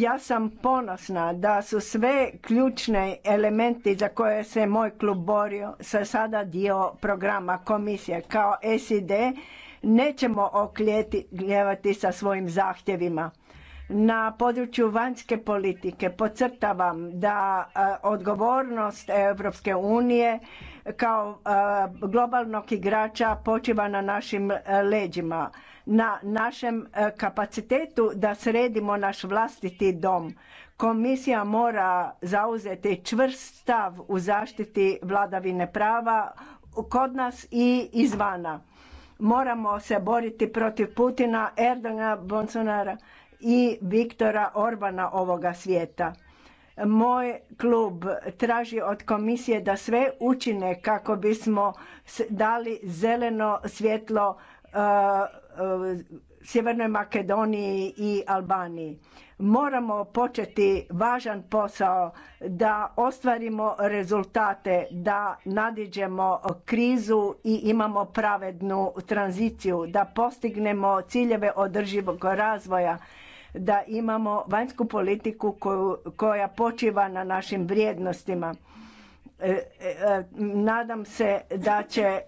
Ja sam ponosna da su sve ključne elementi za koje se moj klub borio sa sada dio programa komisije. Kao SID nećemo oklijevati sa svojim zahtjevima. Na području vanjske politike podcrtavam da e, odgovornost Europske unije kao e, globalnog igrača počiva na našim leđima na našem e, kapacitetu da sredimo naš vlastiti dom. Komisija mora zauzeti čvrst stav u zaštiti vladavine prava kod nas i izvana. Moramo se boriti protiv Putina, Erdogana, Bonsonara i Viktora Orbana ovoga svijeta. Moj klub traži od komisije da sve učine kako bismo dali zeleno svjetlo uh, Eh, Sjevernoj Makedoniji i Albaniji. Moramo početi važan posao da ostvarimo rezultate, da nadiđemo krizu i imamo pravednu tranziciju, da postignemo ciljeve održivog razvoja, da imamo vanjsku politiku koja počiva na našim vrijednostima E, e, e, nadam se da će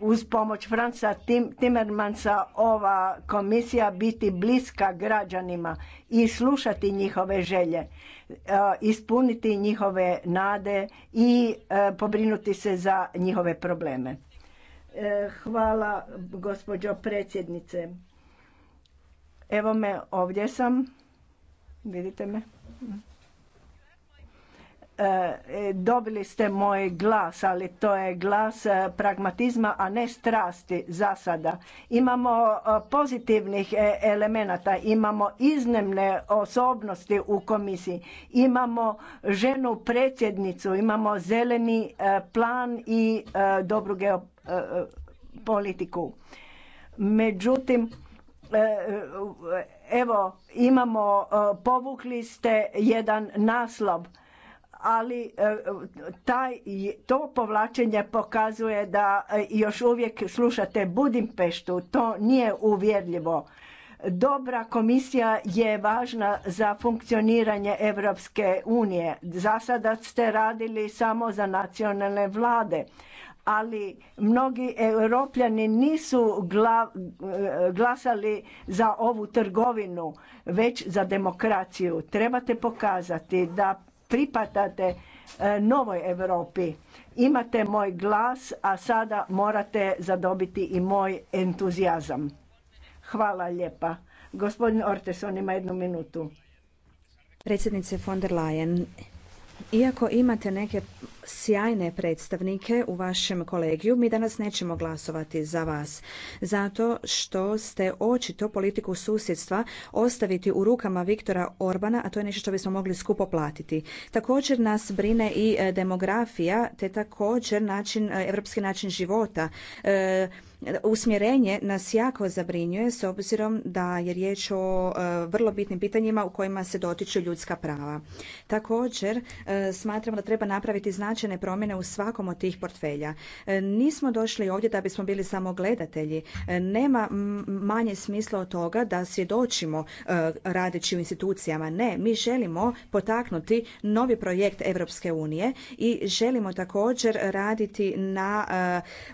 uz pomoć Franca Timmermansa ova komisija biti bliska građanima i slušati njihove želje, ispuniti njihove nade i pobrinuti se za njihove probleme. Hvala gospođo predsjednice. Evo me, ovdje sam. Vidite me? E, dobili ste moj glas, ali to je glas e, pragmatizma, a ne strasti za sada. Imamo e, pozitivnih elemenata, imamo iznemne osobnosti u komisiji, imamo ženu predsjednicu, imamo zeleni plan i dobru geopolitiku. Međutim, evo imamo povukli ste jedan naslov ali e, taj, to povlačenje pokazuje da e, još uvijek slušate Budimpeštu, to nije uvjerljivo. Dobra komisija je važna za funkcioniranje Europske unije. Za sada ste radili samo za nacionalne vlade, ali mnogi europljani nisu e, glasali za ovu trgovinu, već za demokraciju. Trebate pokazati da pripatate e, novoj Europi. Imate moj glas, a sada morate zadobiti i moj entuzijazam. Hvala lijepa. Gospodin Orteson ima jednu minutu. Predsjednice von der Leyen, iako imate neke sjajne predstavnike u vašem kolegiju, mi danas nećemo glasovati za vas. Zato što ste očito politiku susjedstva ostaviti u rukama Viktora Orbana, a to je nešto što bismo mogli skupo platiti. Također nas brine i e, demografija, te također način, e, evropski način života. E, usmjerenje nas jako zabrinjuje s obzirom da je riječ o e, vrlo bitnim pitanjima u kojima se dotiču ljudska prava. Također, e, smatramo da treba napraviti značajne promjene u svakom od tih portfelja. E, nismo došli ovdje da bismo bili samo gledatelji. Nema manje smisla od toga da svjedočimo radeći u institucijama. Ne, mi želimo potaknuti novi projekt Europske unije i želimo također raditi na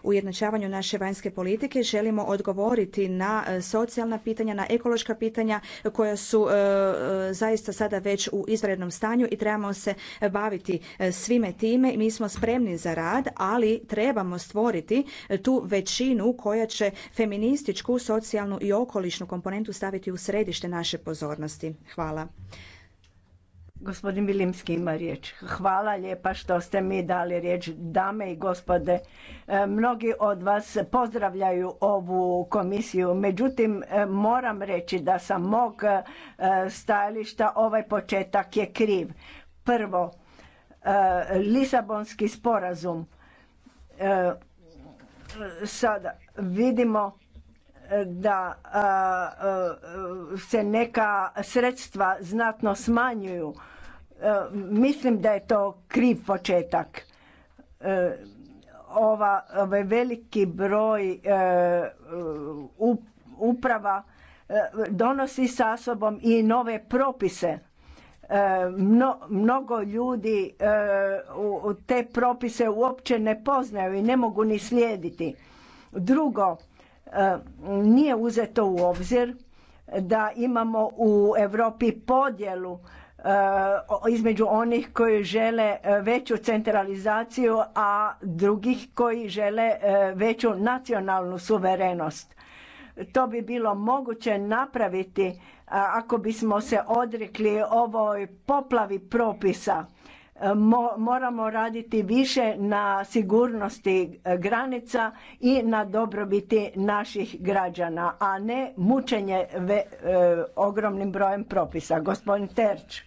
ujednačavanju naše vanjske politike želimo odgovoriti na e, socijalna pitanja, na ekološka pitanja koja su e, e, zaista sada već u izvrednom stanju i trebamo se baviti svime time. Mi smo spremni za rad, ali trebamo stvoriti tu većinu koja će feminističku, socijalnu i okolišnu komponentu staviti u središte naše pozornosti. Hvala. Gospodin Bilimski ima riječ. Hvala lijepa što ste mi dali riječ, dame i gospode. E, mnogi od vas pozdravljaju ovu komisiju, međutim e, moram reći da sa mog e, stajališta ovaj početak je kriv. Prvo, Lisabonski sporazum. Sada vidimo da se neka sredstva znatno smanjuju E, mislim da je to kriv početak. E, ova, ovaj veliki broj e, uprava donosi sa sobom i nove propise. Mno, mnogo ljudi te propise uopće ne poznaju i ne mogu ni slijediti. Drugo, nije uzeto u obzir da imamo u Europi podjelu Eh, između onih koji žele eh, veću centralizaciju, a drugih koji žele eh, veću nacionalnu suverenost. To bi bilo moguće napraviti ako bismo se odrekli ovoj poplavi propisa. Moramo raditi više na sigurnosti granica i na dobrobiti naših građana, a ne mučenje ogromnim brojem propisa. Gospodin Terč.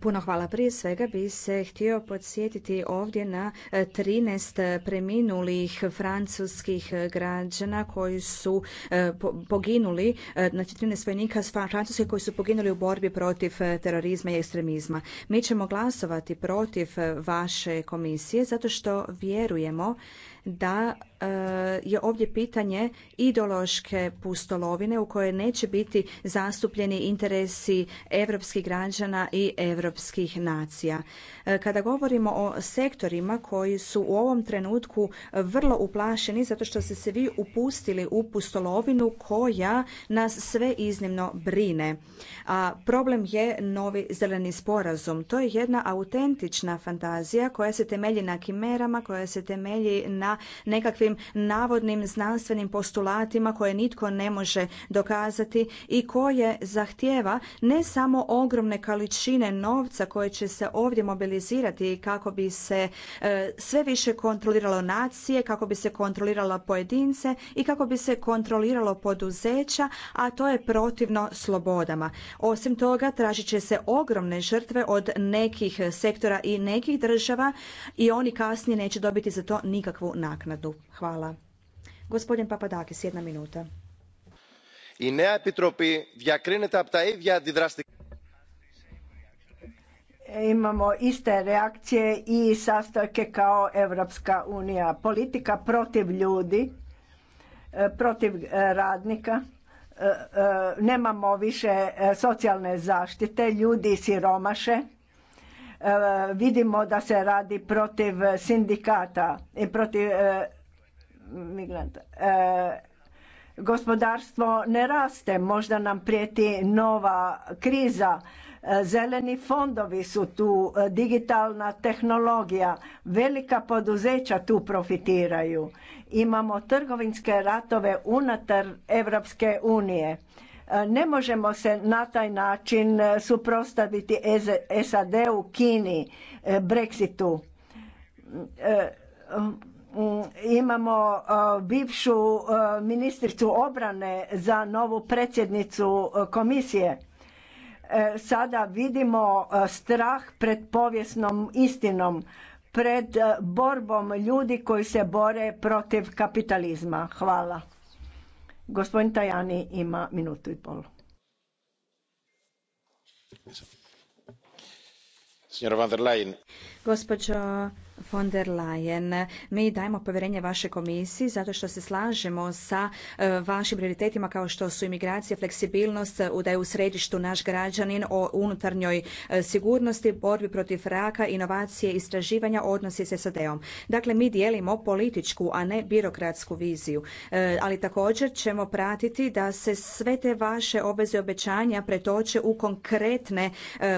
Puno hvala. Prije svega bi se htio podsjetiti ovdje na 13 e, preminulih francuskih građana koji su e, poginuli, e, znači 13 vojnika Francuske koji su poginuli u borbi protiv terorizma i ekstremizma. Mi ćemo glasovati protiv vaše komisije zato što vjerujemo da e, je ovdje pitanje ideološke pustolovine u kojoj neće biti zastupljeni interesi europskih građana i europskih nacija. E, kada govorimo o sektorima koji su u ovom trenutku vrlo uplašeni zato što ste se vi upustili u pustolovinu koja nas sve iznimno brine. A problem je novi zeleni sporazum. To je jedna autentična fantazija koja se temelji na kimerama, koja se temelji na nekakvim navodnim znanstvenim postulatima koje nitko ne može dokazati i koje zahtjeva ne samo ogromne količine novca koje će se ovdje mobilizirati kako bi se e, sve više kontroliralo nacije, kako bi se kontrolirala pojedince i kako bi se kontroliralo poduzeća, a to je protivno slobodama. Osim toga, tražit će se ogromne žrtve od nekih sektora i nekih država i oni kasnije neće dobiti za to nikakvu naknadu. Hvala. Gospodin Papadakis, jedna minuta. I nea epitropi diakrineta apta imamo iste reakcije i sastojke kao Evropska unija. Politika protiv ljudi, e, protiv e, radnika, e, nemamo više socijalne zaštite, ljudi siromaše, Eh, vidimo da se radi protiv sindikata i protiv eh, migranta. Eh, gospodarstvo ne raste, možda nam prijeti nova kriza. Zeleni fondovi su tu, digitalna tehnologija, velika poduzeća tu profitiraju. Imamo trgovinske ratove unatar Evropske unije. Ne možemo se na taj način e, suprotstaviti e SAD-u, Kini, e, Brexitu. Mm, imamo bivšu ministricu obrane za novu predsjednicu komisije. Sada vidimo strah pred povijesnom istinom, pred borbom ljudi koji se bore protiv kapitalizma. Hvala. Gospodin Tajani ima minutu i pol. Gospođo von der Leyen, mi dajemo povjerenje vaše komisiji zato što se slažemo sa e, vašim prioritetima kao što su imigracija, fleksibilnost, da je u središtu naš građanin o unutarnjoj e, sigurnosti, borbi protiv raka, inovacije, istraživanja, odnosi se sa deom. Dakle, mi dijelimo političku, a ne birokratsku viziju. E, ali također ćemo pratiti da se sve te vaše obveze i obećanja pretoče u konkretne,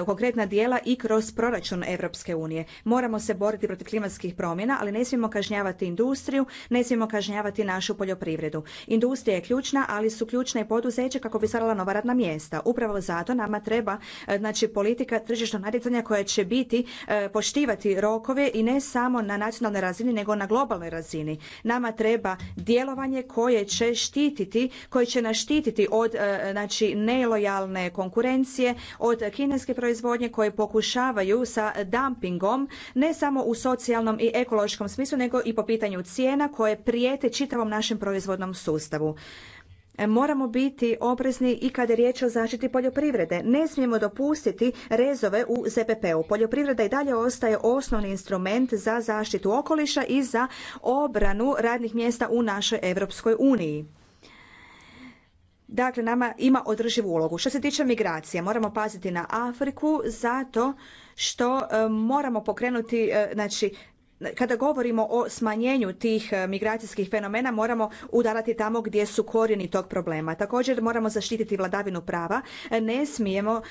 konkretna dijela i kroz proračun Europske unije. Moramo se boriti protiv klimatskih promjena, ali ne smijemo kažnjavati industriju, ne smijemo kažnjavati našu poljoprivredu. Industrija je ključna, ali su ključna i poduzeće kako bi stvarala nova radna mjesta. Upravo zato nama treba e, znači, politika tržišnog natjecanja koja će biti e, poštivati rokove i ne samo na nacionalnoj razini, nego na globalnoj razini. Nama treba djelovanje koje će štititi, koje će nas štititi od e, znači, nelojalne konkurencije, od kineske proizvodnje koje pokušavaju sa dumpingom ne samo u socijalnom socijalnom i ekološkom smislu, nego i po pitanju cijena koje prijete čitavom našem proizvodnom sustavu. E, moramo biti oprezni i kada je riječ o zaštiti poljoprivrede. Ne smijemo dopustiti rezove u ZPP-u. Poljoprivreda i dalje ostaje osnovni instrument za zaštitu okoliša i za obranu radnih mjesta u našoj Europskoj uniji. Dakle, nama ima održivu ulogu. Što se tiče migracije, moramo paziti na Afriku zato što e, moramo pokrenuti, e, znači kada govorimo o smanjenju tih e, migracijskih fenomena moramo udarati tamo gdje su korijeni tog problema. Također moramo zaštititi vladavinu prava. Ne smijemo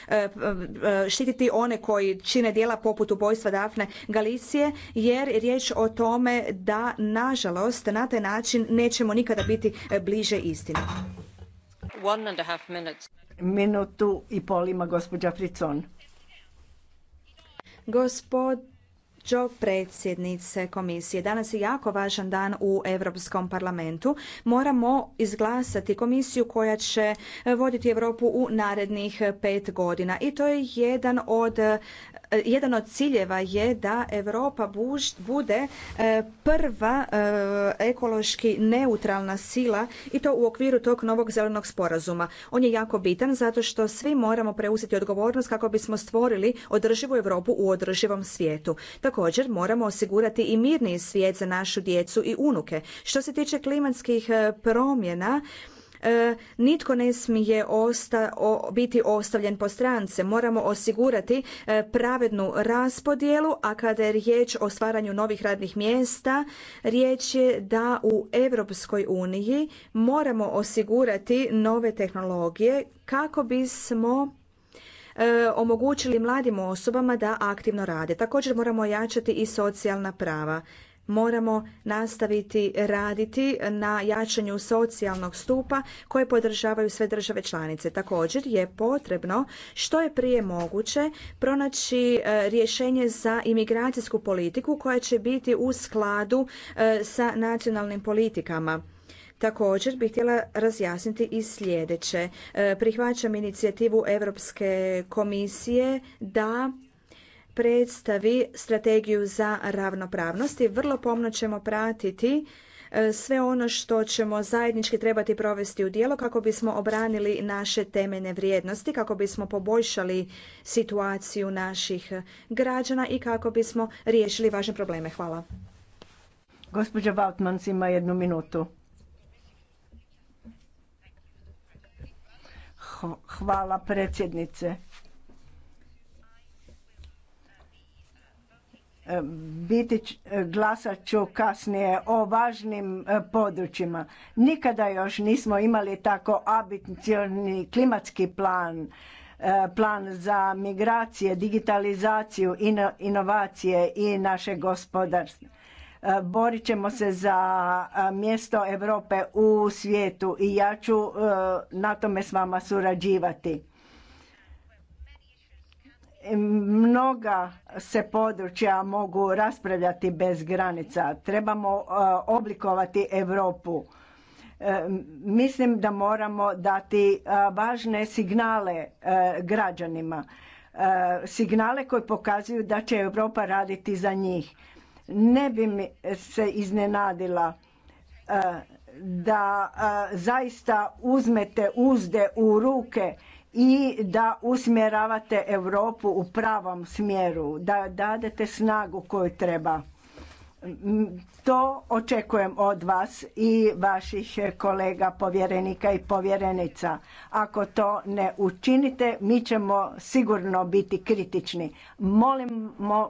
štititi one koji čine djela poput ubojstva Dafne Galicije jer je riječ o tome da nažalost na taj način nećemo nikada biti bliže istini. Minutu i pol ima gospođa Fricon. Gospod gospođo predsjednice komisije. Danas je jako važan dan u Europskom parlamentu. Moramo izglasati komisiju koja će voditi Europu u narednih pet godina. I to je jedan od jedan od ciljeva je da Europa bude e, prva e, ekološki neutralna sila i to u okviru tog novog zelenog sporazuma. On je jako bitan zato što svi moramo preuzeti odgovornost kako bismo stvorili održivu Europu u održivom svijetu. Tako Također moramo osigurati i mirni svijet za našu djecu i unuke. Što se tiče klimatskih e, promjena, e, nitko ne smije osta, biti ostavljen po strance. Moramo osigurati e, pravednu raspodjelu, a kada je riječ o stvaranju novih radnih mjesta, riječ je da u Europskoj uniji moramo osigurati nove tehnologije kako bismo E, omogućili mladim osobama da aktivno rade. Također moramo jačati i socijalna prava. Moramo nastaviti raditi na jačanju socijalnog stupa koje podržavaju sve države članice. Također je potrebno što je prije moguće pronaći e, rješenje za imigracijsku politiku koja će biti u skladu e, sa nacionalnim politikama Također bih htjela razjasniti i sljedeće. E, prihvaćam inicijativu Europske komisije da predstavi strategiju za ravnopravnost i vrlo pomno ćemo pratiti e, sve ono što ćemo zajednički trebati provesti u djelo kako bismo obranili naše temeljne vrijednosti, kako bismo poboljšali situaciju naših građana i kako bismo riješili važne probleme. Hvala. Gospođa Vautmans ima jednu minutu. Hvala predsjednice. E, biti, e, glasat ću kasnije o važnim e, područjima. Nikada još nismo imali tako ambicioni klimatski plan, plan za migracije, digitalizaciju, inovacije i naše gospodarstvo E, borit ćemo se za e, mjesto Europe u svijetu i ja ću e, na tome s vama surađivati. Mnoga se područja mogu raspravljati bez granica. Trebamo oblikovati Europu. Mislim da moramo dati važne signale građanima. Signale koji pokazuju da će Europa raditi za njih ne bi mi se iznenadila e, da e, zaista uzmete uzde u ruke i da usmjeravate Europu u pravom smjeru, da dadete snagu koju treba. To očekujem od vas i vaših kolega povjerenika i povjerenica. Ako to ne učinite, mi ćemo sigurno biti kritični.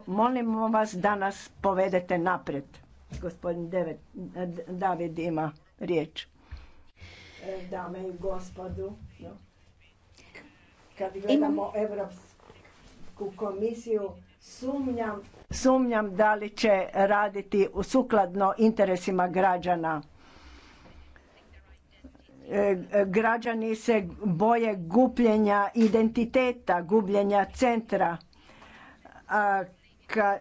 Molimo, vas da nas povedete napred. Gospodin David ima riječ. Dame i gospodu, kad gledamo Europsku komisiju, Sumnjam, sumnjam da li će raditi sukladno interesima građana. E, građani se boje gupljenja identiteta, gubljenja centra. A e,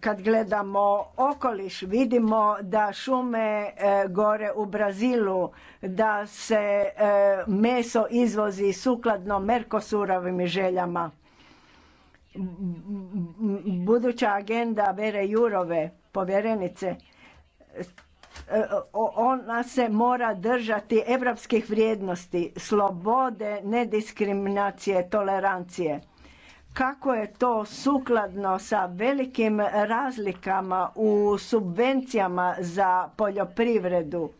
kad gledamo okoliš vidimo da šume e, gore u Brazilu, da se meso izvozi sukladno Merkosurovim željama buduća agenda Vere Jurove, povjerenice, e, ona se mora držati evropskih vrijednosti, slobode, nediskriminacije, tolerancije. Kako je to sukladno sa velikim razlikama u subvencijama za poljoprivredu?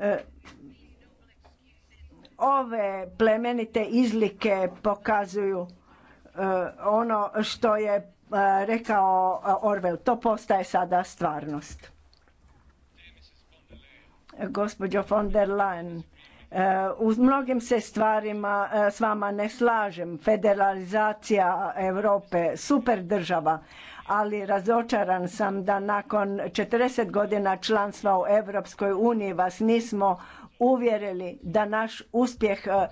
E, ove plemenite izlike pokazuju e, ono što je e, rekao e, Orwell. To postaje sada stvarnost. Gospođo von der Leyen, u mnogim se stvarima s vama ne slažem. Federalizacija Europe, super država, ali razočaran sam da nakon 40 godina članstva u Europskoj uniji vas nismo uvjerili da naš uspjeh e, e,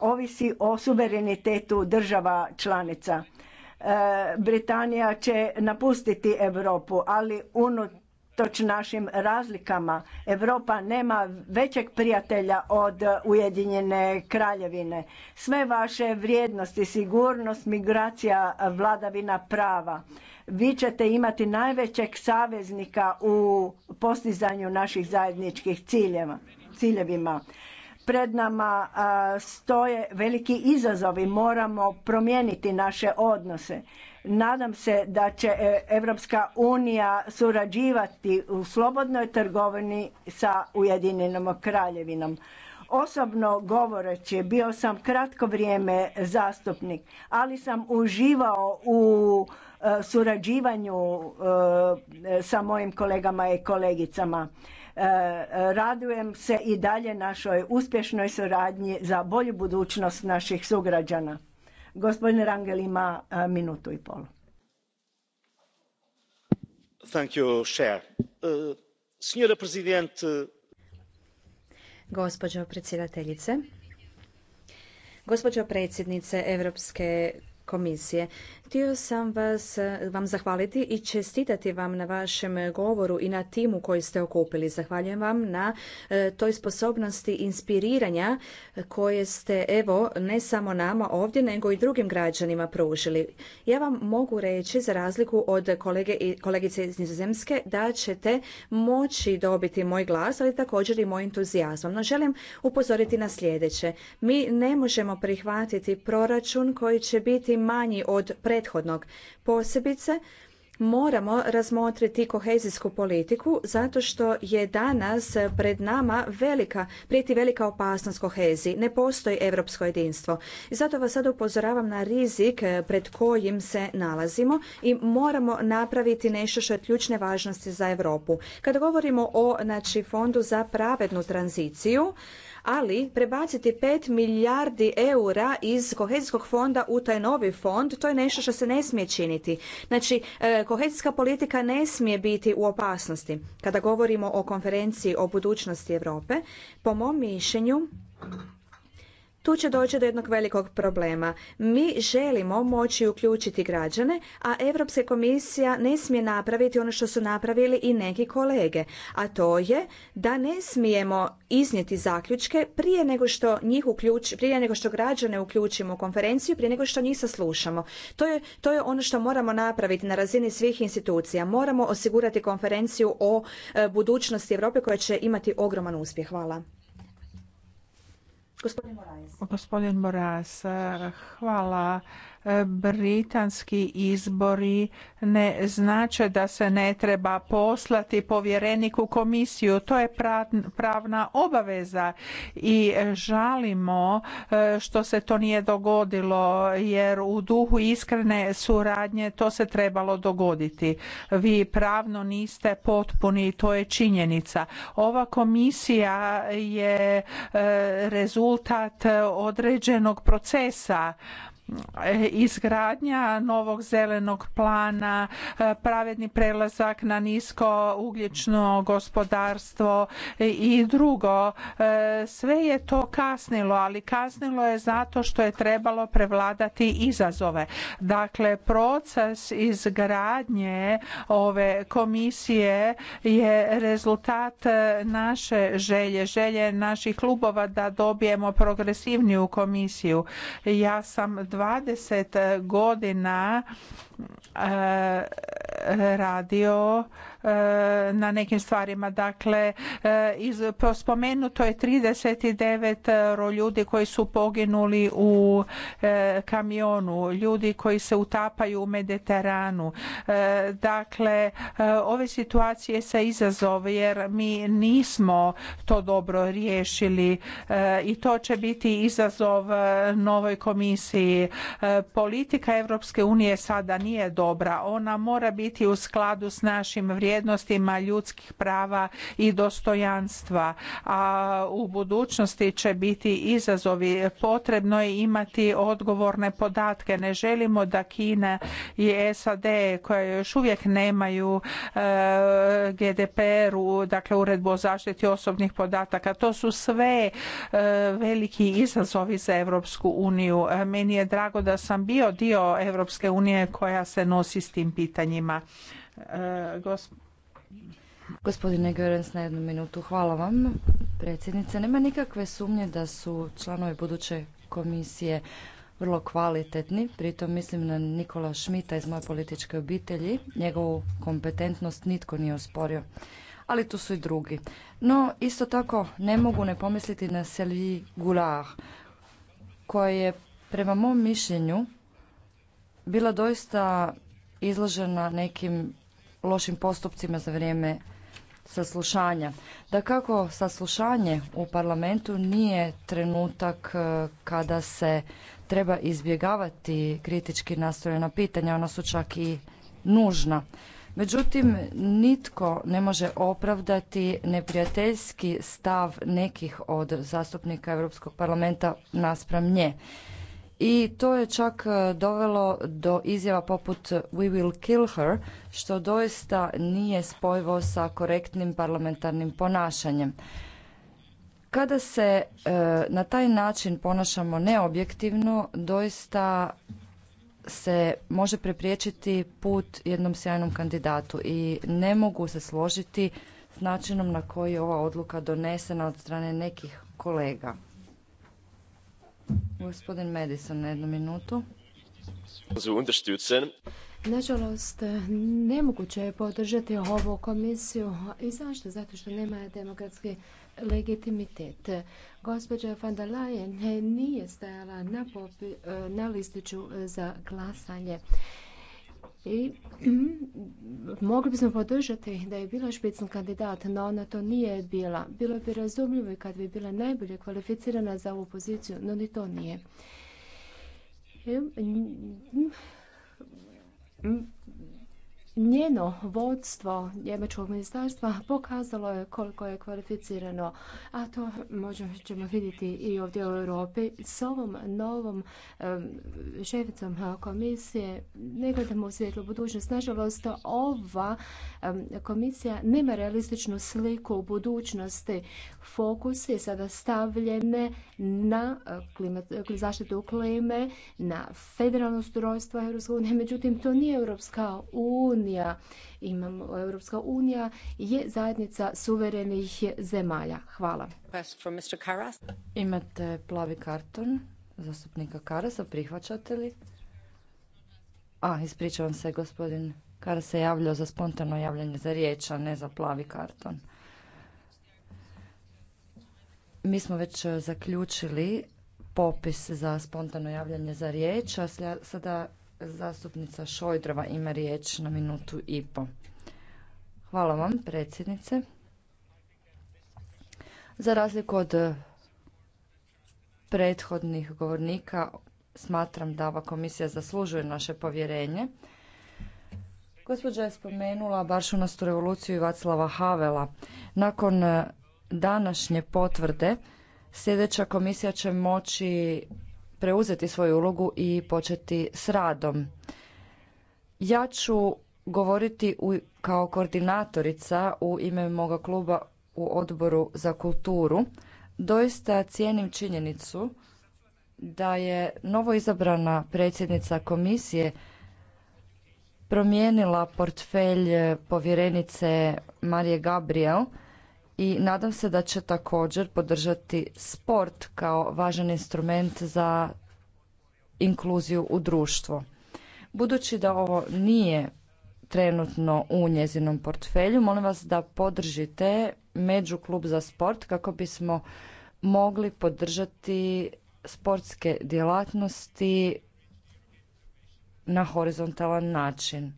ovisi o suverenitetu država članica. E, Britanija će napustiti Europu, ali unutoč našim razlikama Europa nema većeg prijatelja od Ujedinjene kraljevine. Sve vaše vrijednosti, sigurnost, migracija, vladavina prava. Vi ćete imati najvećeg saveznika u postizanju naših zajedničkih ciljeva ciljevima. Pred nama stoje veliki izazovi, moramo promijeniti naše odnose. Nadam se da će Europska unija surađivati u slobodnoj trgovini sa Ujedinjenom kraljevinom. Osobno govoreći, bio sam kratko vrijeme zastupnik, ali sam uživao u e, surađivanju e, sa mojim kolegama i kolegicama. E, radujem se i dalje našoj uspješnoj suradnji za bolju budućnost naših sugrađana. Gospodin Rangel ima e, minutu i pol. Thank e, Gospođo predsjedateljice, gospođo predsjednice Europske komisije. Htio sam vas, vam zahvaliti i čestitati vam na vašem govoru i na timu koji ste okupili. Zahvaljujem vam na e, toj sposobnosti inspiriranja koje ste, evo, ne samo nama ovdje, nego i drugim građanima pružili. Ja vam mogu reći, za razliku od kolege i kolegice iz Nizozemske, da ćete moći dobiti moj glas, ali također i moj entuzijazam. No želim upozoriti na sljedeće. Mi ne možemo prihvatiti proračun koji će biti manji od prethodnog. Posebice moramo razmotriti kohezijsku politiku zato što je danas pred nama velika, prijeti velika opasnost koheziji. Ne postoji europsko jedinstvo. I zato vas sada upozoravam na rizik pred kojim se nalazimo i moramo napraviti nešto što je ključne važnosti za Europu. Kada govorimo o znači, fondu za pravednu tranziciju, ali prebaciti 5 milijardi eura iz kohezijskog fonda u taj novi fond, to je nešto što se ne smije činiti. Znači, e, kohezijska politika ne smije biti u opasnosti. Kada govorimo o konferenciji o budućnosti Europe, po mom mišljenju, tu će doći do jednog velikog problema. Mi želimo moći uključiti građane, a Europska komisija ne smije napraviti ono što su napravili i neki kolege, a to je da ne smijemo iznijeti zaključke prije nego što njih uključ, prije nego što građane uključimo u konferenciju, prije nego što njih saslušamo. To je, to je ono što moramo napraviti na razini svih institucija. Moramo osigurati konferenciju o e, budućnosti Europe koja će imati ogroman uspjeh. Hvala. Gospodin Moraes. Gospodin Moraes, hvala britanski izbori ne znače da se ne treba poslati povjereniku komisiju. To je pravna obaveza i žalimo e, što se to nije dogodilo jer u duhu iskrene suradnje to se trebalo dogoditi. Vi pravno niste potpuni, to je činjenica. Ova komisija je e, rezultat određenog procesa izgradnja novog zelenog plana, e, pravedni prelazak na nisko ugljično gospodarstvo i drugo. E, sve je to kasnilo, ali kasnilo je zato što je trebalo prevladati izazove. Dakle, proces izgradnje ove komisije je rezultat e, naše želje, želje naših klubova da dobijemo progresivniju komisiju. Ja sam 20 godina E, radio e, na nekim stvarima. Dakle, e, spomenuto je 39 ljudi koji su poginuli u kamionu, ljudi koji se utapaju u Mediteranu. Dakle, ove situacije se izazove jer mi nismo to dobro riješili i to će biti izazov novoj komisiji. Politika Europske unije sada nije dobra. Ona mora biti u skladu s našim vrijednostima ljudskih prava i dostojanstva. A u budućnosti će biti izazovi. Potrebno je imati odgovorne podatke. Ne želimo da Kina i SAD koje još uvijek nemaju e, GDPR-u, dakle uredbu o zaštiti osobnih podataka. To su sve e, veliki izazovi za Europsku uniju. Meni je drago da sam bio dio Europske unije koja koja se nosi s tim pitanjima. E, Gospodine Görens, na jednu minutu. Hvala vam, predsjednice. Nema nikakve sumnje da su članovi buduće komisije vrlo kvalitetni. Pritom mislim na Nikola Šmita iz moje političke obitelji. Njegovu kompetentnost nitko nije osporio. Ali tu su i drugi. No, isto tako ne mogu ne pomisliti na Selvi Goulard, koja je prema mom mišljenju bila doista izložena nekim lošim postupcima za vrijeme saslušanja. Da kako saslušanje u parlamentu nije trenutak e, kada se treba izbjegavati kritički nastrojena pitanja, ona su čak i nužna. Međutim, nitko ne može opravdati neprijateljski stav nekih od zastupnika Europskog parlamenta naspram nje i to je čak e, dovelo do izjava poput we will kill her što doista nije spojivo sa korektnim parlamentarnim ponašanjem. Kada se e, na taj način ponašamo neobjektivno doista se može prepriječiti put jednom sjajnom kandidatu i ne mogu se složiti s načinom na koji je ova odluka donesena od strane nekih kolega. Gospodin Madison, na jednu minutu. Nažalost, nemoguće je podržati ovu komisiju. I zašto? Zato što nema demokratski legitimitet. Gospođa van der Leyen e, nije stajala e, na listiću za glasanje i mogli bismo podržati da je bila špicen kandidat, no ona to nije bila. Bilo bi razumljivo i kad bi bila najbolje kvalificirana za ovu poziciju, no ni to nije. Njeno vodstvo njemačkog ministarstva pokazalo je koliko je kvalificirano, a to možemo ćemo vidjeti i ovdje u Europi. S ovom novom šeficom komisije ne gledamo u svijetlu budućnost. Nažalost, ova komisija nema realističnu sliku u budućnosti. Fokus je sada stavljene na e, e, zaštitu klime, na federalno ustrojstvo EU. Međutim, to nije Europska unija, imamo Europska unija je zajednica suverenih zemalja. Hvala. Imate plavi karton zastupnika Karasa, prihvaćate li? A, ispričavam se, gospodin Karas se javljao za spontano javljanje za riječ, a ne za plavi karton. Mi smo već zaključili popis za spontano javljanje za riječ, a sada Zastupnica Šojdrova ima riječ na minutu i po. Hvala vam, predsjednice. Za razliku od prethodnih govornika, smatram da ova komisija zaslužuje naše povjerenje. Gospođa je spomenula Baršunastu revoluciju i Vaclava Havela. Nakon eh, današnje potvrde sljedeća komisija će moći preuzeti svoju ulogu i početi s radom. Ja ću govoriti kao koordinatorica u ime moga kluba u odboru za kulturu. Doista cijenim činjenicu da je novoizabrana predsjednica komisije promijenila portfelj povjerenice Marije Gabriel i nadam se da će također podržati sport kao važan instrument za inkluziju u društvo. Budući da ovo nije trenutno u njezinom portfelju, molim vas da podržite Među klub za sport kako bismo mogli podržati sportske djelatnosti na horizontalan način.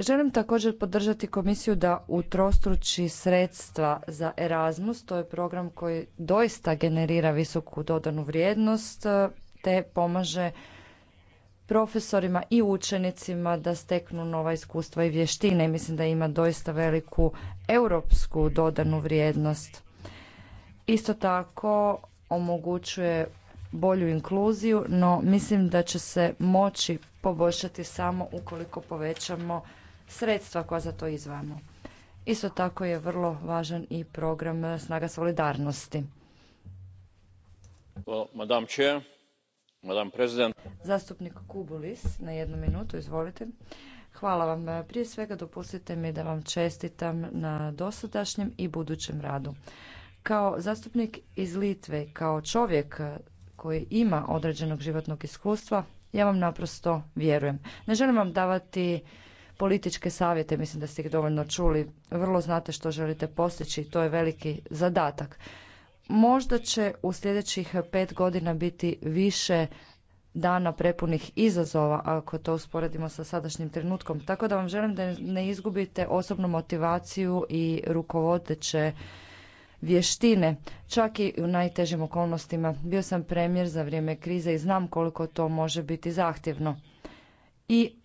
Želim također podržati komisiju da utrostruči sredstva za Erasmus, to je program koji doista generira visoku dodanu vrijednost te pomaže profesorima i učenicima da steknu nova iskustva i vještine. I Mislim da ima doista veliku europsku dodanu vrijednost. Isto tako omogućuje bolju inkluziju, no mislim da će se moći poboljšati samo ukoliko povećamo sredstva koja za to izvajamo. Isto tako je vrlo važan i program Snaga solidarnosti. Zastupnik Kubulis, na jednu minutu, izvolite. Hvala vam. Prije svega dopustite mi da vam čestitam na dosadašnjem i budućem radu. Kao zastupnik iz Litve, kao čovjek koji ima određenog životnog iskustva, ja vam naprosto vjerujem. Ne želim vam davati političke savjete, mislim da ste ih dovoljno čuli, vrlo znate što želite postići to je veliki zadatak. Možda će u sljedećih pet godina biti više dana prepunih izazova ako to usporedimo sa sadašnjim trenutkom. Tako da vam želim da ne izgubite osobnu motivaciju i rukovodeće vještine, čak i u najtežim okolnostima. Bio sam premijer za vrijeme krize i znam koliko to može biti zahtjevno. I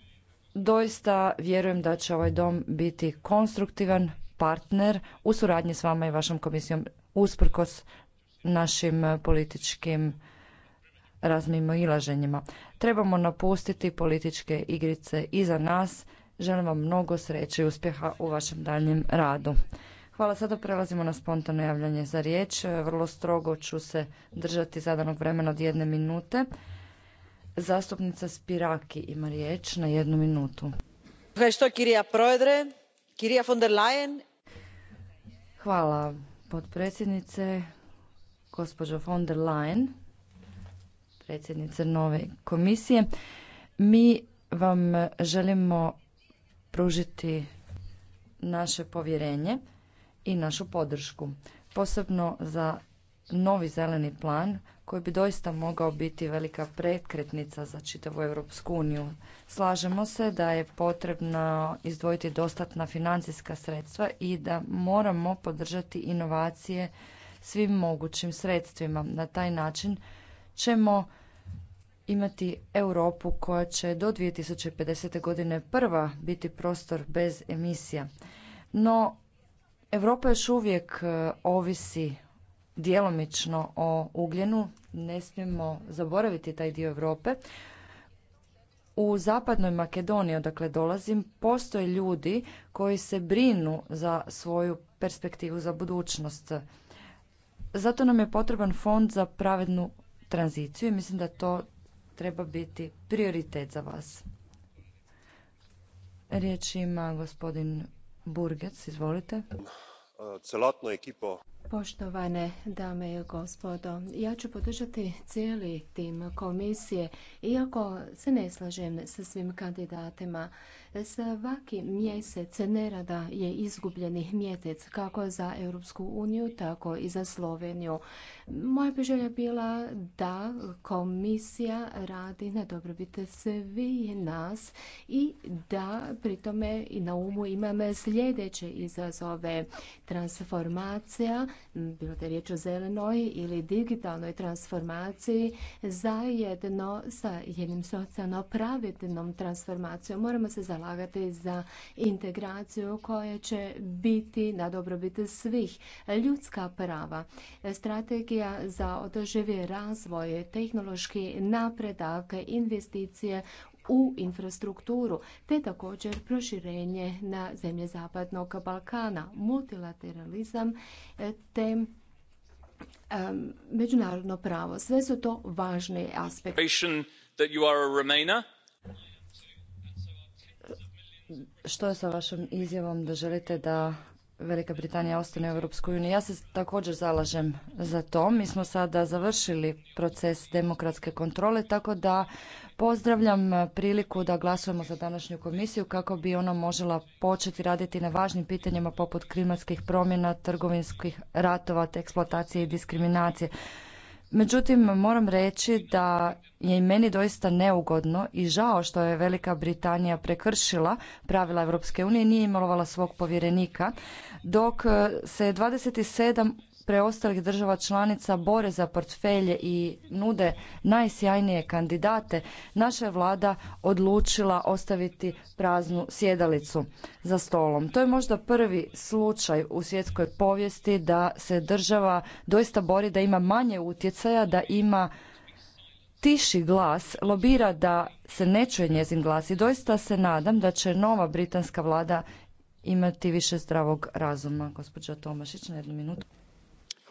Doista vjerujem da će ovaj dom biti konstruktivan partner u suradnji s vama i vašom komisijom usprkos našim političkim razmimoilaženjima. Trebamo napustiti političke igrice iza nas. Želim vam mnogo sreće i uspjeha u vašem daljem radu. Hvala, sada prelazimo na spontano javljanje za riječ. Vrlo strogo ću se držati zadanog vremena od jedne minute. Zastupnica Spiraki ima riječ na jednu minutu. Hvala potpredsjednice, gospođo von der Leyen, predsjednice nove komisije. Mi vam želimo pružiti naše povjerenje i našu podršku, posebno za novi zeleni plan koji bi doista mogao biti velika prekretnica za čitavu Europsku uniju. Slažemo se da je potrebno izdvojiti dostatna financijska sredstva i da moramo podržati inovacije svim mogućim sredstvima. Na taj način ćemo imati Europu koja će do 2050. godine prva biti prostor bez emisija. No, Europa još uvijek e, ovisi djelomično o ugljenu, ne smijemo zaboraviti taj dio Europe. U zapadnoj Makedoniji, odakle dolazim, postoje ljudi koji se brinu za svoju perspektivu za budućnost. Zato nam je potreban fond za pravednu tranziciju i mislim da to treba biti prioritet za vas. Riječ ima gospodin Burgec, izvolite. Celotno ekipo Poštovane dame i gospodo, ja ću podržati cijeli tim komisije, iako se ne slažem sa svim kandidatima. Svaki mjesec nerada je izgubljeni mjetec kako za Europsku uniju, tako i za Sloveniju. Moja bi želja bila da komisija radi na dobrobit svi nas i da pri tome i na umu imamo sljedeće izazove transformacija, bilo da je riječ o zelenoj ili digitalnoj transformaciji, zajedno sa jednim socijalno pravednom transformacijom. Moramo se zalagati za integraciju koja će biti na dobrobit svih ljudska prava, strategija za održivi razvoj, tehnološki napredak, investicije u infrastrukturu, te također proširenje na zemlje Zapadnog Balkana, multilateralizam e, te međunarodno pravo. Sve su to važni aspekti. Što je sa vašom izjavom da želite da Velika Britanija ostane u Europskoj uniji. Ja se također zalažem za to. Mi smo sada završili proces demokratske kontrole, tako da pozdravljam priliku da glasujemo za današnju komisiju kako bi ona možela početi raditi na važnim pitanjima poput klimatskih promjena, trgovinskih ratova, te eksploatacije i diskriminacije. Međutim, moram reći da je i meni doista neugodno i žao što je Velika Britanija prekršila pravila Europske unije i nije imalovala svog povjerenika, dok eh, se 27 preostalih država članica bore za portfelje i nude najsjajnije kandidate, naša je vlada odlučila ostaviti praznu sjedalicu za stolom. To je možda prvi slučaj u svjetskoj povijesti da se država doista bori da ima manje utjecaja, da ima tiši glas lobira da se ne čuje njezin glas i doista se nadam da će nova britanska vlada imati više zdravog razuma. Gospođa Tomašić, na jednu minutu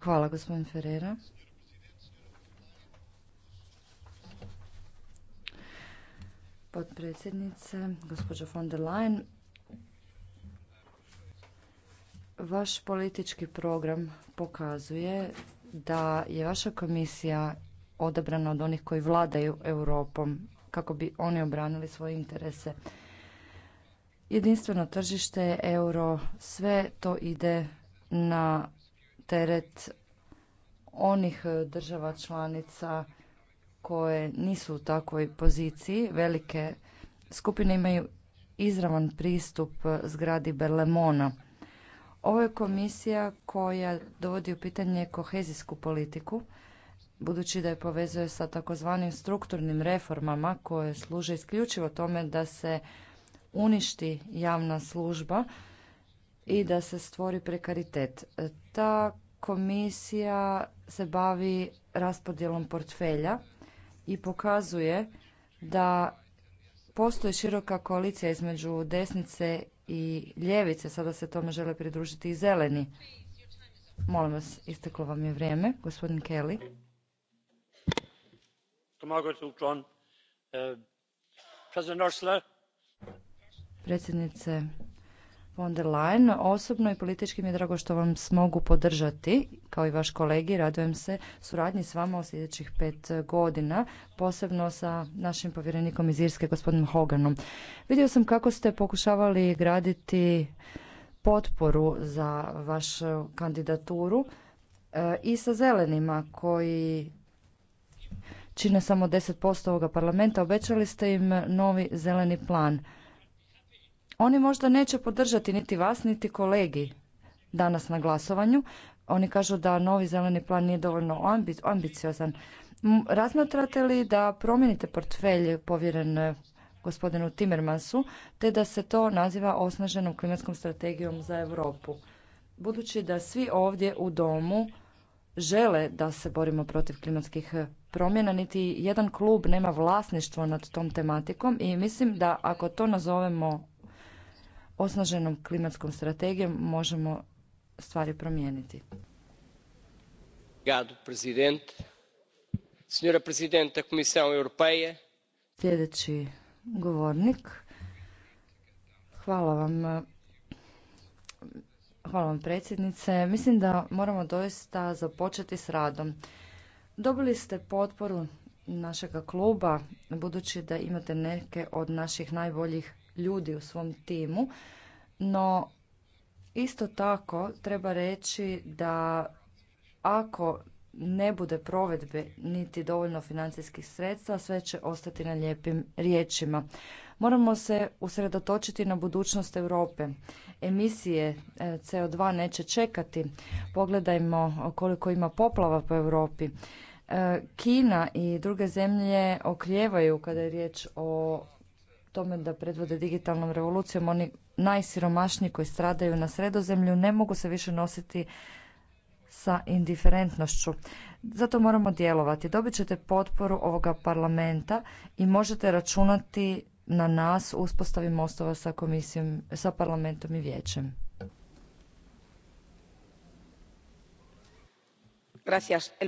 Hvala, gospodin Ferreira. Potpredsjednice, gospođo von der Leyen, vaš politički program pokazuje da je vaša komisija odabrana od onih koji vladaju Europom kako bi oni obranili svoje interese. Jedinstveno tržište, euro, sve to ide na teret onih e, država članica koje nisu u takvoj poziciji. Velike skupine imaju izravan pristup e, zgradi Berlemona. Ovo je komisija koja dovodi u pitanje kohezijsku politiku, budući da je povezuje sa takozvanim strukturnim reformama koje služe isključivo tome da se uništi javna služba i da se stvori prekaritet. Ta komisija se bavi raspodjelom portfelja i pokazuje da postoji široka koalicija između desnice i ljevice. Sada se tome žele pridružiti i zeleni. Molim vas, isteklo vam je vrijeme. Gospodin Kelly. Predsjednice von der Osobno i politički mi je drago što vam smogu podržati, kao i vaš kolegi. Radujem se suradnji s vama u sljedećih pet godina, posebno sa našim povjerenikom iz Irske, gospodinom Hoganom. Vidio sam kako ste pokušavali graditi potporu za vašu kandidaturu eh, i sa zelenima koji čine samo 10% ovoga parlamenta. Obećali ste im novi zeleni plan. Oni možda neće podržati niti vas, niti kolegi danas na glasovanju. Oni kažu da novi zeleni plan nije dovoljno ambiciozan. Razmatrate li da promijenite portfelj povjeren eh, gospodinu Timmermansu, te da se to naziva osnaženom klimatskom strategijom za Europu? Budući da svi ovdje u domu žele da se borimo protiv klimatskih eh, promjena, niti jedan klub nema vlasništvo nad tom tematikom i mislim da ako to nazovemo osnaženom klimatskom strategijom možemo stvari promijeniti. Sljedeći govornik. Hvala vam. Hvala vam predsjednice. Mislim da moramo doista započeti s radom. Dobili ste potporu našega kluba budući da imate neke od naših najboljih ljudi u svom timu, no isto tako treba reći da ako ne bude provedbe niti dovoljno financijskih sredstva, sve će ostati na lijepim riječima. Moramo se usredotočiti na budućnost Europe. Emisije e, CO2 neće čekati. Pogledajmo koliko ima poplava po Europi. E, Kina i druge zemlje okljevaju kada je riječ o tome da predvode digitalnom revolucijom, oni najsiromašniji koji stradaju na sredozemlju ne mogu se više nositi sa indiferentnošću. Zato moramo djelovati. Dobit ćete potporu ovoga parlamenta i možete računati na nas uspostavi mostova sa komisijom, sa parlamentom i vijećem.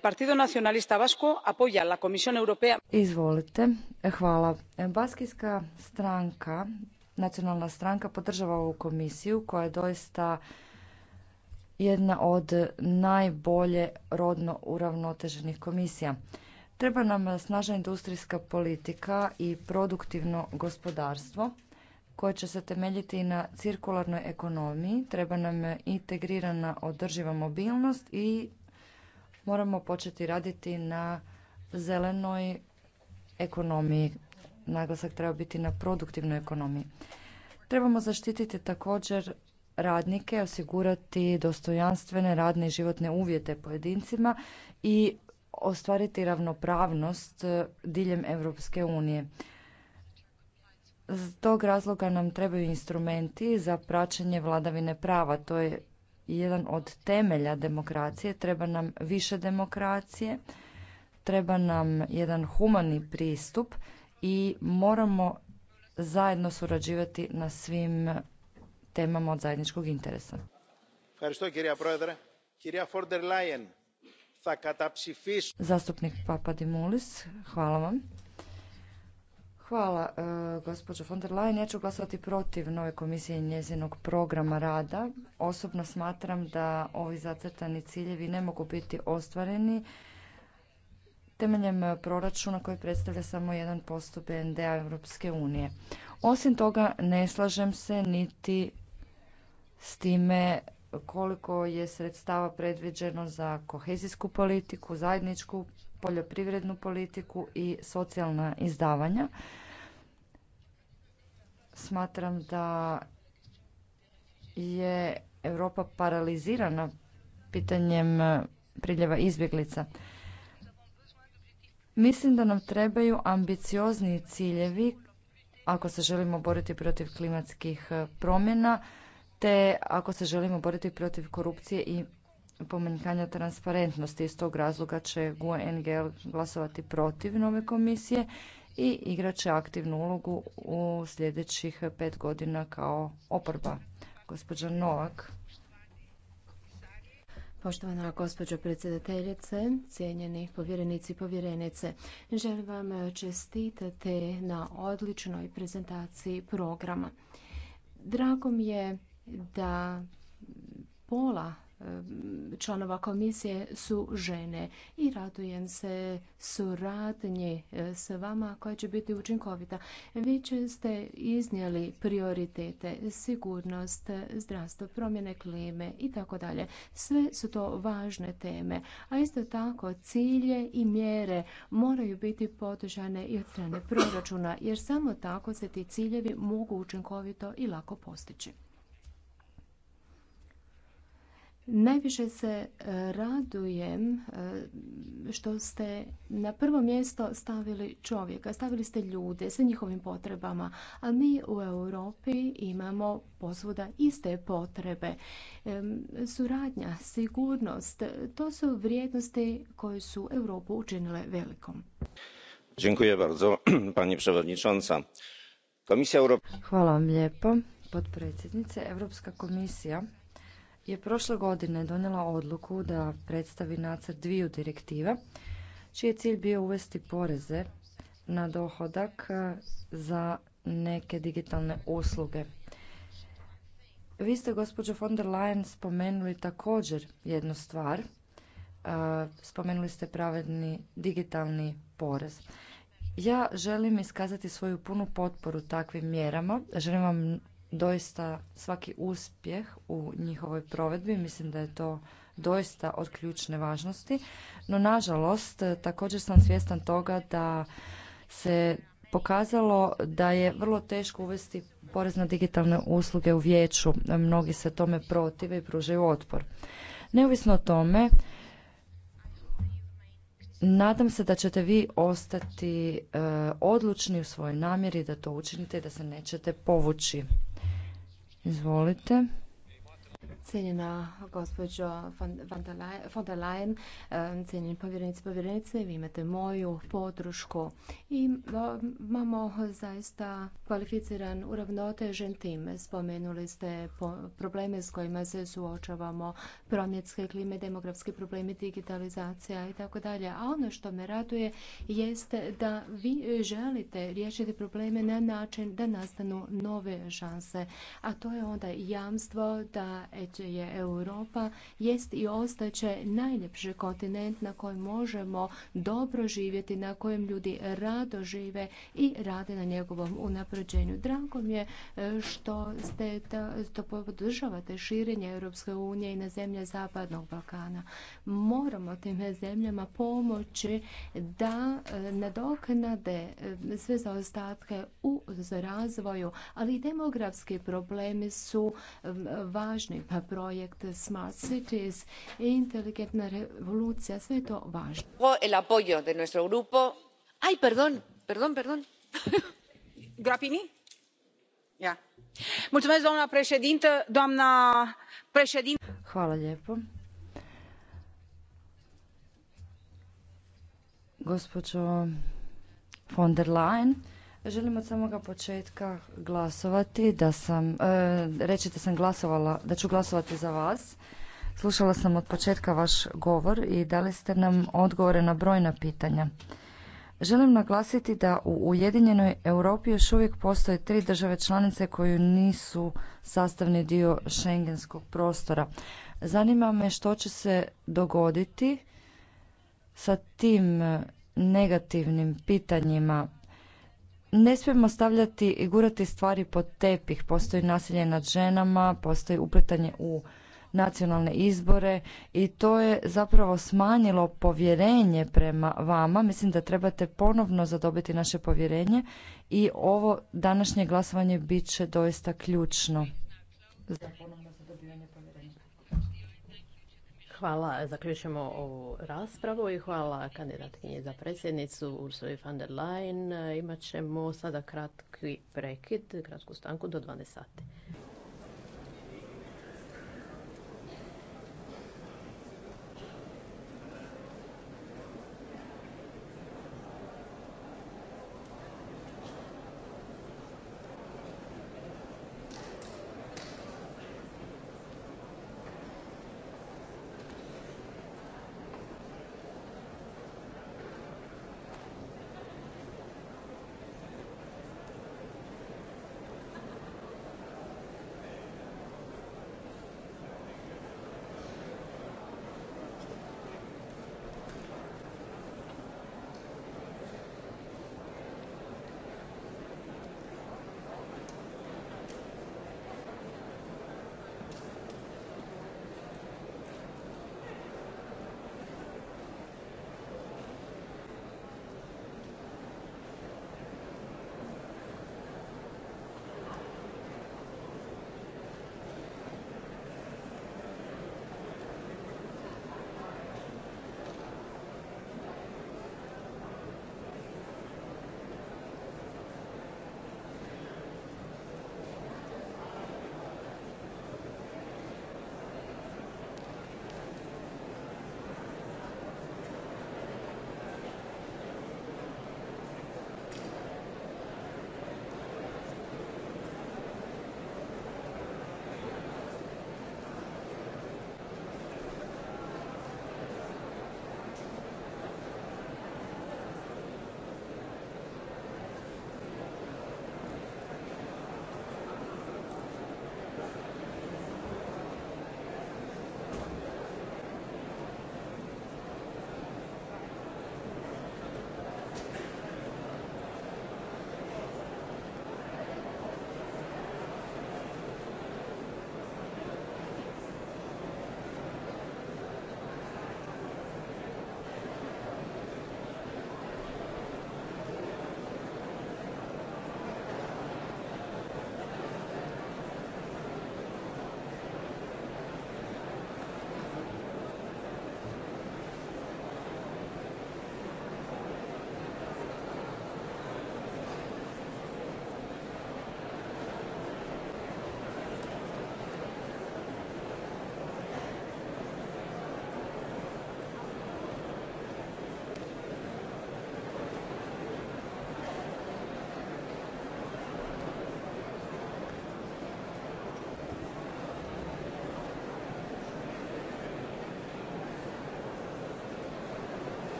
Partido Izvolite. Hvala. Baskijska stranka, nacionalna stranka, podržava ovu komisiju koja je doista jedna od najbolje rodno uravnoteženih komisija. Treba nam snažna industrijska politika i produktivno gospodarstvo koje će se temeljiti na cirkularnoj ekonomiji. Treba nam integrirana održiva mobilnost i moramo početi raditi na zelenoj ekonomiji. Naglasak treba biti na produktivnoj ekonomiji. Trebamo zaštititi također radnike, osigurati dostojanstvene radne i životne uvjete pojedincima i ostvariti ravnopravnost e, diljem Europske unije. Z tog razloga nam trebaju instrumenti za praćenje vladavine prava. To je jedan od temelja demokracije, treba nam više demokracije, treba nam jedan humani pristup i moramo zajedno surađivati na svim temama od zajedničkog interesa. Zastupnik Papadimulis, hvala vam. Hvala, e, gospođo von der Leyen. Ja ću glasovati protiv nove komisije i njezinog programa rada. Osobno smatram da ovi zacrtani ciljevi ne mogu biti ostvareni temeljem proračuna koji predstavlja samo 1% BND-a Europske unije. Osim toga, ne slažem se niti s time koliko je sredstava predviđeno za kohezijsku politiku, zajedničku poljoprivrednu politiku i socijalna izdavanja. Smatram da je Europa paralizirana pitanjem e, priljeva izbjeglica. Mislim da nam trebaju ambiciozni ciljevi ako se želimo boriti protiv klimatskih e, promjena te ako se želimo boriti protiv korupcije i pomanjkanja transparentnosti. Iz tog razloga će GUNGL glasovati protiv nove komisije i igrat će aktivnu ulogu u sljedećih pet godina kao oporba. Gospođa Novak. Poštovana gospođo predsjedateljice, cijenjeni povjerenici i povjerenice, želim vam čestitati na odličnoj prezentaciji programa. Drago mi je da pola E, članova komisije su žene i radujem se suradnji e, s vama koja će biti učinkovita. Vi ste iznijeli prioritete, sigurnost, zdravstvo, promjene klime i tako dalje. Sve su to važne teme, a isto tako cilje i mjere moraju biti podržane i od strane proračuna, jer samo tako se ti ciljevi mogu učinkovito i lako postići. Najviše se e, radujem e, što ste na prvo mjesto stavili čovjeka, stavili ste ljude sa njihovim potrebama, a mi u Europi imamo posvuda iste potrebe. E, suradnja, sigurnost, to su vrijednosti koje su Europu učinile velikom. Dziękuję bardzo, pani przewodnicząca. Komisja Hvala vam lijepo, potpredsjednice. Europska komisija je prošle godine donijela odluku da predstavi nacrt dviju direktiva čiji je cilj bio uvesti poreze na dohodak e, za neke digitalne usluge. Vi ste, gospođo von der Leyen, spomenuli također jednu stvar. E, spomenuli ste pravedni digitalni porez. Ja želim iskazati svoju punu potporu takvim mjerama. Želim vam doista svaki uspjeh u njihovoj provedbi. Mislim da je to doista od ključne važnosti. No, nažalost, također sam svjestan toga da se pokazalo da je vrlo teško uvesti porez na digitalne usluge u vijeću. Mnogi se tome protive i pružaju otpor. Neovisno o tome, nadam se da ćete vi ostati e, odlučni u svojoj namjeri da to učinite i da se nećete povući. Izvolite. Cijenjena gospođo von der Leyen, cijenjeni povjerenici, povjerenice, vi imate moju podršku i imamo zaista kvalificiran uravnotežen tim. Spomenuli ste probleme s kojima se suočavamo, promjetske klime, demografski problemi, digitalizacija i tako dalje. A ono što me raduje jeste da vi želite riješiti probleme na način da nastanu nove šanse, a to je onda jamstvo da je Europa jest i ostaće najljepši kontinent na kojem možemo dobro živjeti, na kojem ljudi rado žive i rade na njegovom unapređenju. Drago mi je e, što ste to podržavate širenje Europske unije i na zemlje Zapadnog Balkana. Moramo tim zemljama pomoći da e, nadoknade e, sve zaostatke u razvoju, ali i demografski problemi su važni pa projekt Smart Cities, inteligentna revolucija, sve je to važno. El apoyo de nuestro grupo. Ay, perdón, perdón, perdón. Grapini? Ja. Mulțumesc, doamna președintă, doamna președintă. Hvala lijepo. Gospođo von der Leyen, Želim od samoga početka glasovati da sam, e, reći da sam glasovala, da ću glasovati za vas. Slušala sam od početka vaš govor i dali ste nam odgovore na brojna pitanja. Želim naglasiti da u Ujedinjenoj Europi još uvijek postoje tri države članice koje nisu sastavni dio šengenskog prostora. Zanima me što će se dogoditi sa tim negativnim pitanjima ne smijemo stavljati i gurati stvari pod tepih. Postoji nasilje nad ženama, postoji upletanje u nacionalne izbore i to je zapravo smanjilo povjerenje prema vama. Mislim da trebate ponovno zadobiti naše povjerenje i ovo današnje glasovanje bit će doista ključno Hvala, zaključujemo ovu raspravu i hvala kandidatkinji za predsjednicu Ursula von der Leyen. Imat ćemo sada kratki prekid, kratku stanku do 12 sati.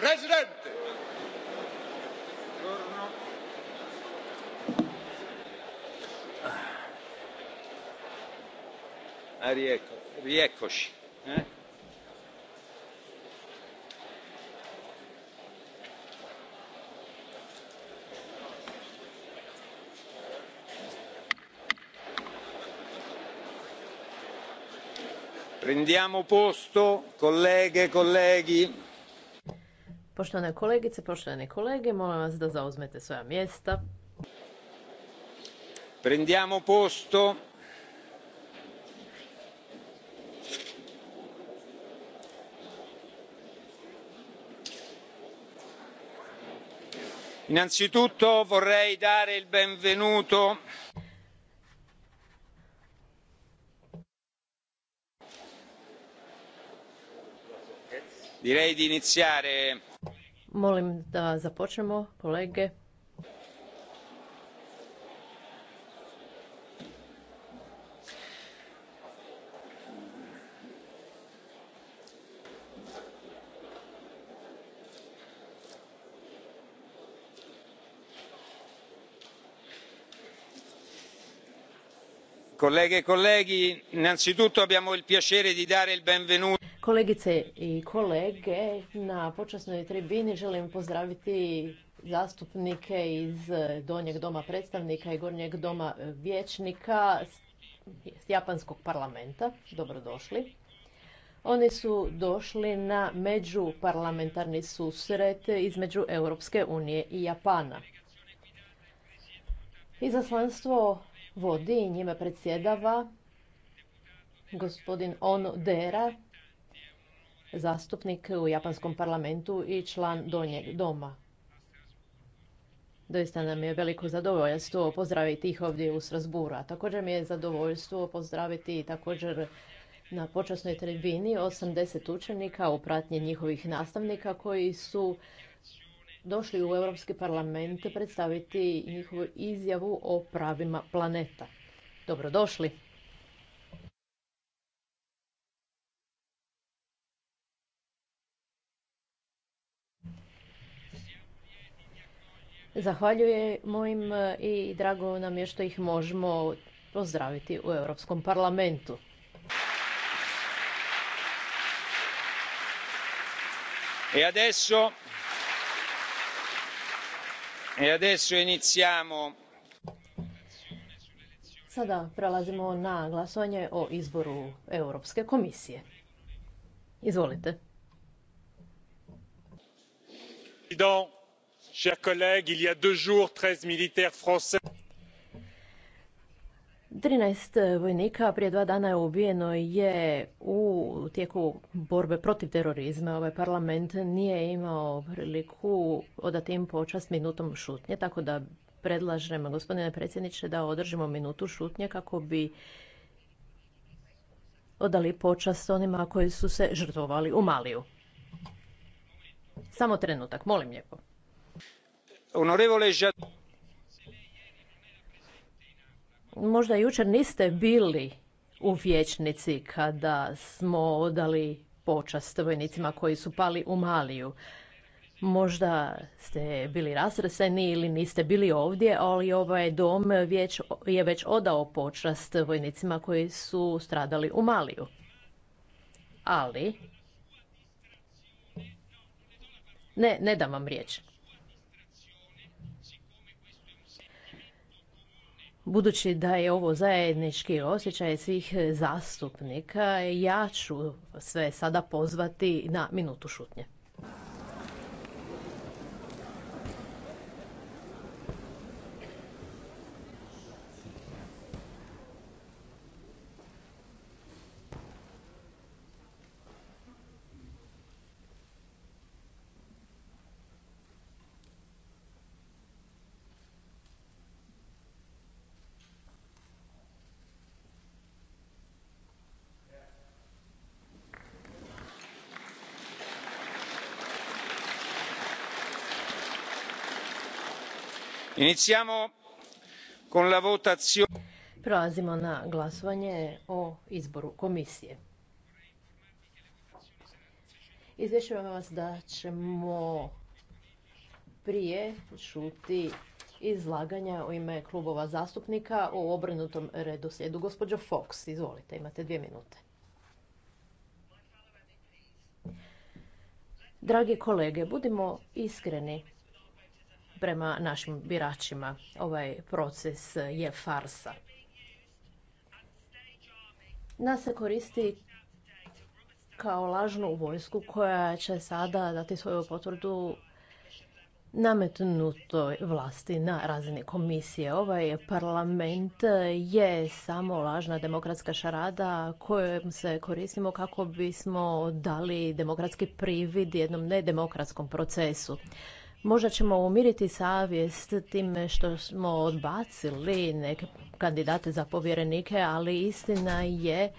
presidente ah, rieccoci eh? prendiamo posto colleghe e colleghi Poštovane kolegice, poštovane kolege, molim vas da zauzmete svoja mjesta. Prendiamo posto. Innanzitutto vorrei dare il benvenuto Direi di iniziare Molim da započnemo, kolege. Kolege e colleghi, innanzitutto abbiamo il piacere di dare il benvenuto Kolegice i kolege, na počasnoj tribini želim pozdraviti zastupnike iz Donjeg doma predstavnika i Gornjeg doma vječnika Japanskog parlamenta. Dobrodošli. Oni su došli na međuparlamentarni susret između Europske unije i Japana. Izaslanstvo vodi i njime predsjedava gospodin Ono Dera, zastupnik u Japanskom parlamentu i član Donjeg doma. Doista nam je veliko zadovoljstvo pozdraviti ih ovdje u Strasburu, a također mi je zadovoljstvo pozdraviti također na počasnoj tribini 80 učenika u pratnje njihovih nastavnika koji su došli u Europski parlament predstaviti njihovu izjavu o pravima planeta. Dobrodošli. Zahvaljujem mojim e, i drago nam je što ih možemo pozdraviti u Europskom parlamentu. E adesso e adesso iniziamo Sada prelazimo na glasovanje o izboru Europske komisije. Izvolite chers collègues il y a deux jours Trinaest eh, vojnika prije dva dana je ubijeno je u tijeku borbe protiv terorizma. Ovaj parlament nije imao priliku odati im počast minutom šutnje, tako da predlažem gospodine predsjedniče da održimo minutu šutnje kako bi odali počast onima koji su se žrtvovali u Maliju. Samo trenutak, molim lijepo. Možda jučer niste bili u vijećnici kada smo odali počast vojnicima koji su pali u Maliju. Možda ste bili rastreseni ili niste bili ovdje, ali ovaj dom već, je već odao počast vojnicima koji su stradali u Maliju. Ali... Ne, ne dam vam riječ. Budući da je ovo zajednički osjećaj svih zastupnika, ja ću sve sada pozvati na minutu šutnje. Prelazimo na glasovanje o izboru komisije. Izvješćujem vas da ćemo prije čuti izlaganja u ime klubova zastupnika u obrnutom redoslijedu. Gospođo Fox, izvolite, imate dvije minute. Dragi kolege, budimo iskreni prema našim biračima. Ovaj proces je farsa. Nas se koristi kao lažnu vojsku koja će sada dati svoju potvrdu nametnutoj vlasti na razini komisije. Ovaj parlament je samo lažna demokratska šarada kojom se koristimo kako bismo dali demokratski privid jednom nedemokratskom procesu. Možda ćemo umiriti savjest time što smo odbacili neke kandidate za povjerenike, ali istina je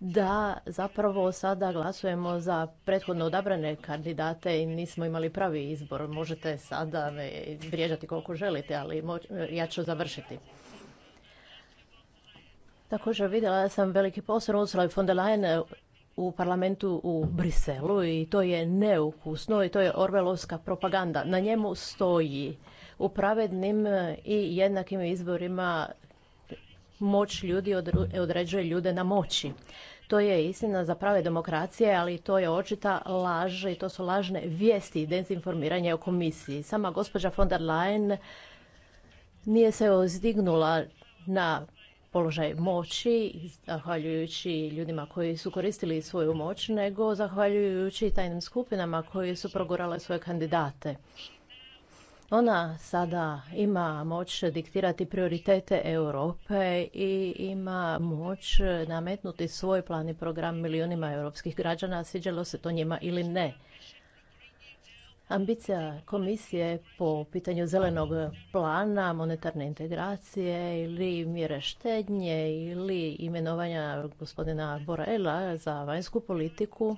da zapravo sada glasujemo za prethodno odabrane kandidate i nismo imali pravi izbor. Možete sada me vrijeđati koliko želite, ali ja ću završiti. Također vidjela sam veliki posao Ursula von der Leyen u parlamentu u Briselu i to je neukusno i to je orvelovska propaganda. Na njemu stoji u pravednim i jednakim izborima moć ljudi određuje ljude na moći. To je istina za prave demokracije, ali to je očita laž i to su lažne vijesti i dezinformiranje o komisiji. Sama gospođa von der Leyen nije se ozdignula na položaj moći, zahvaljujući ljudima koji su koristili svoju moć, nego zahvaljujući tajnim skupinama koje su progurale svoje kandidate. Ona sada ima moć diktirati prioritete Europe i ima moć nametnuti svoj plan i program milionima europskih građana, sviđalo se to njima ili ne. Ambicija komisije po pitanju zelenog plana, monetarne integracije ili mjere štednje ili imenovanja gospodina Borela za vanjsku politiku,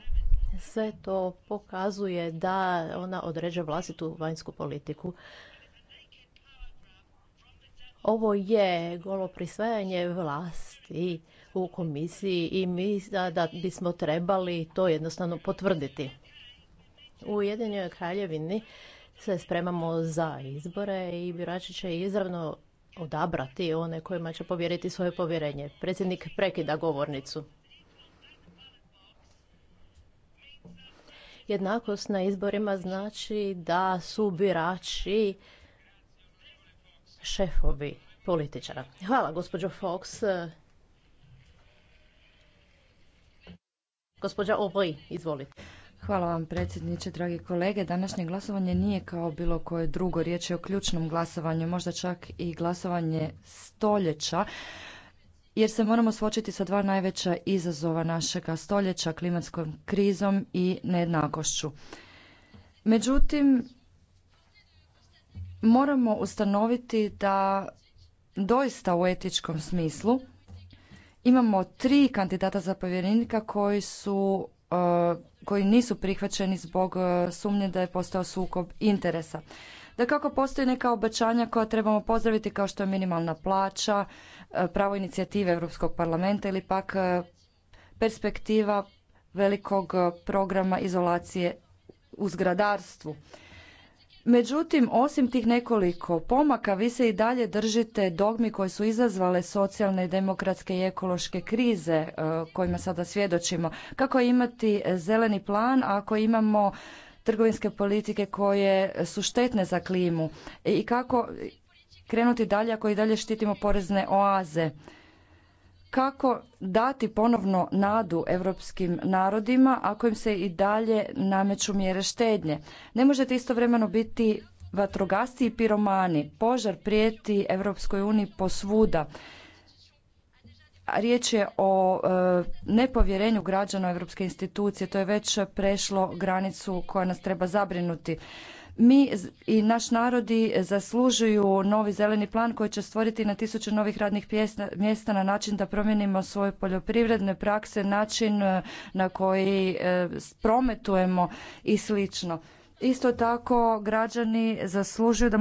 sve to pokazuje da ona određuje vlastitu vanjsku politiku. Ovo je golo prisvajanje vlasti u komisiji i mi da bismo trebali to jednostavno potvrditi. U Ujedinjenoj kraljevini se spremamo za izbore i birači će izravno odabrati one kojima će povjeriti svoje povjerenje. Predsjednik prekida govornicu. Jednakost na izborima znači da su birači šefovi političara. Hvala, gospođo Fox. Gospođa Ovoj, izvolite. Hvala vam predsjedniče, dragi kolege. Današnje glasovanje nije kao bilo koje drugo. Riječ je o ključnom glasovanju, možda čak i glasovanje stoljeća jer se moramo suočiti sa dva najveća izazova našega stoljeća, klimatskom krizom i nejednakošću. Međutim, moramo ustanoviti da doista u etičkom smislu imamo tri kandidata za povjerenika koji su E, koji nisu prihvaćeni zbog e, sumnje da je postao sukob interesa. Da kako postoji neka obećanja koja trebamo pozdraviti kao što je minimalna plaća, e, pravo inicijative Europskog parlamenta ili pak perspektiva velikog programa izolacije u zgradarstvu. Međutim, osim tih nekoliko pomaka, vi se i dalje držite dogmi koje su izazvale socijalne, demokratske i ekološke krize e, kojima sada svjedočimo. Kako imati zeleni plan ako imamo trgovinske politike koje su štetne za klimu i kako krenuti dalje ako i dalje štitimo porezne oaze kako dati ponovno nadu europskim narodima ako im se i dalje nameću mjere štednje. Ne možete istovremeno biti vatrogasci i piromani. Požar prijeti Europskoj uniji posvuda. Riječ je o e, nepovjerenju građana u europske institucije. To je već prešlo granicu koja nas treba zabrinuti. Mi i naš narodi zaslužuju novi zeleni plan koji će stvoriti na tisuće novih radnih mjesta na način da promijenimo svoje poljoprivredne prakse, način e, na koji e, prometujemo i slično. Isto tako građani zaslužuju da